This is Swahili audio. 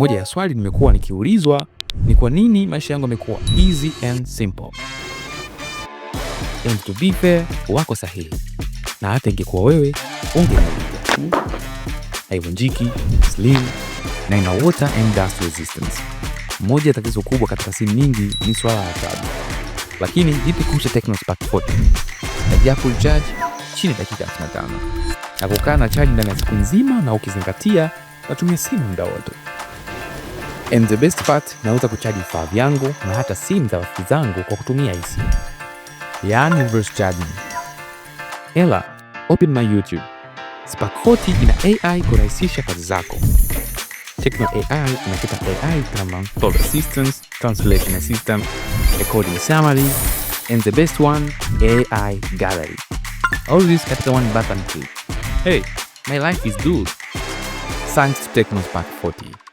Moja ya swali nimekuwa nikiulizwa ni kwa nini maisha yangu yamekuwa easy and simple. And to be fair, wako sahihi, na hata ingekuwa wewe ungeuliza. Haivunjiki, slim na ina water and dust resistance. Moja ya tatizo kubwa katika simu nyingi ni swala la chaji, lakini vipi kuhusu Tecno Spark 40 najaa full charge chini dakika 55 na kukaa na chaji ndani ya siku nzima, na ukizingatia natumia simu muda wote. And the best part, naweza kuchaji vifaa vyangu na hata simu za rafiki zangu kwa kutumia hii simu, yaani reverse charging. Ela, open my YouTube. Spakoti ina AI kurahisisha kazi zako. Tecno AI inakita AI kama Top Assistance, Translation Assistant, Recording Summary, and the best one, AI Gallery. All this katika one button click. Hey, my life is good. Thanks to Tecno Spark 40.